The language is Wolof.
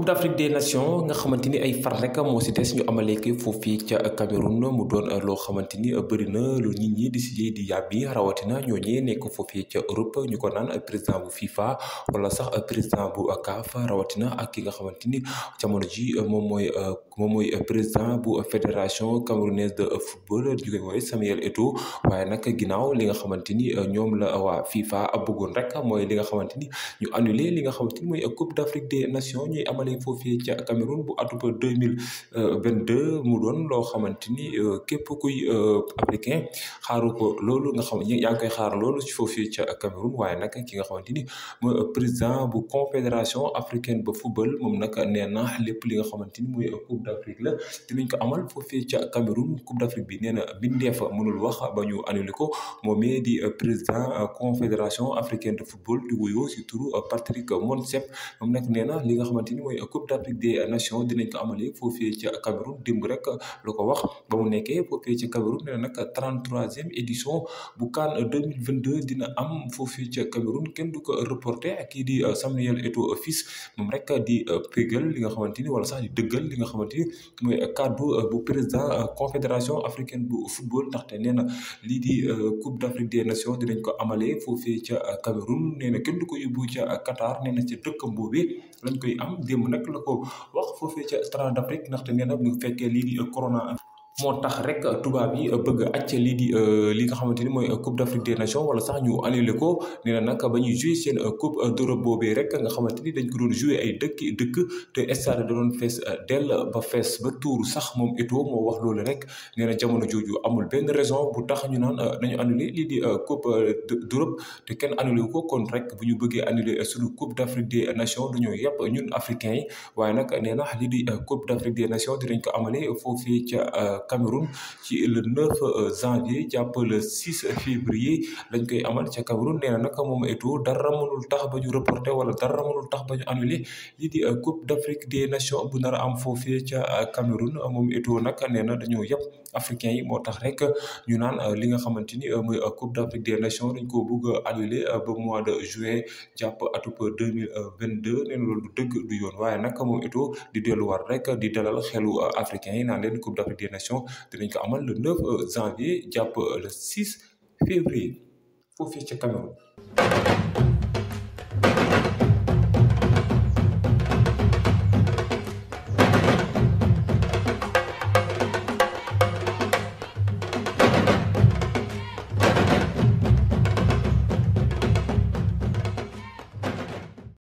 Coupe d'Afrique des Nations nga xamante ni ay far rek moo si des ñu amalee ko foofii ca Cameroun mu doon loo xamante ni bëri na lu nit di si di yàbbi rawatina ñooñee nekk foofii ca Europe ñu ko naan président bu FIFA wala sax président bu a rawatina ak ki nga xamante ni jamono ji moom mooy moom mooy président bu fédération camerounaise de football ñu koy woowee Samuel Eto'o waaye nag ginnaaw li nga xamante ni ñoom la waa FIFA bëggoon rek mooy li nga xamante ñu annulé li xale foofee ca Cameroun bu atub 2022 euh, mu doon loo xamante ni euh, képp kuy euh, africain xaaru ko loolu nga xam yaa ngi koy xaar loolu ci foofee ca Cameroun waaye nag ki nga xamante ni président bu confédération africaine ba football moom nag nee na lépp li nga xamante ni mooy coupe d'Afrique la dinañ ko amal foofee ca Cameroun coupe d'Afrique bi nee na mënul wax ba ñu annulé ko moomee di président confédération africaine de football di wuyoo si turu Patrick Monsep moom nag nee li nga xamante mooy coupe d'Afrique des nations dinañ ko amale foofee ca Cameroun démb rek lu ko wax ba mu nekkee foofee ca Cameroun nee na nag 33e édition bu dina am foofee ca Cameroun du ko reporté ak kii di Samuel Eto'o fils moom rek di pégal li nga xamante ni wala sax di li nga xamante ni mooy kaddu bu président confédération africaine bu football ndaxte nee na lii di euh, coupe d'Afrique des nations dinañ ko amalee foofee ca Cameroun nee kenn du ko yóbbu ca Qatar nee na ca dëkkam boobee lañ koy am démb nag la ko wax foofee ca Strand d'Afrique ndaxte nee na bu fekkee lii di moo tax rek euh, tubaab yi euh, bëgg acca lii di euh, li nga xamante ni mooy coupe d' afrique des nations wala sax ñu annulé ko nee na nag ba ñuy joué seen coupe d' europe rek nga xamante ni dañ ko doon joué ay dëkk dëkk te stade da doon fees ba fees ba tuuru sax moom Eto'o moo wax loolu rek nee jamono jooju amul benn raison bu tax ñu naan nañu annulé lii di coupe d' europe te kenn annulé ko kon rek bu ñu bëggee annulé suñu coupe d' afrique des nations dañoo yàpp ñun africains yi waaye nag nee na lii di coupe d' afrique des nations dinañ ko amalee foofee ca Cameroun ci le 9 euh, janvier jàpp le 6 février lañ koy amal ca Cameroun nee na moom Eto'o dara mënul tax ba ñu reporté wala dara mënul tax bañu ñu annulé lii di euh, Coupe d'Afrique des bu nar a am foofee ca euh, Cameroun moom Eto'o nag nee na dañoo yëpp africain yi moo tax rek ñu naan li nga xamante ni mooy Coupe d'Afrique des Nations dañ ko bëgg a annulé ba mois de juin jàpp atub 2022 nee na loolu du dëgg du yoon waaye nag moom Eto'o di delluwaat rek di dalal xelu africain yi naan leen Coupe d'Afrique des Nations élection dinañ ko amal le 9 euh, janvier jàpp euh, le 6 février foofee ca Cameroun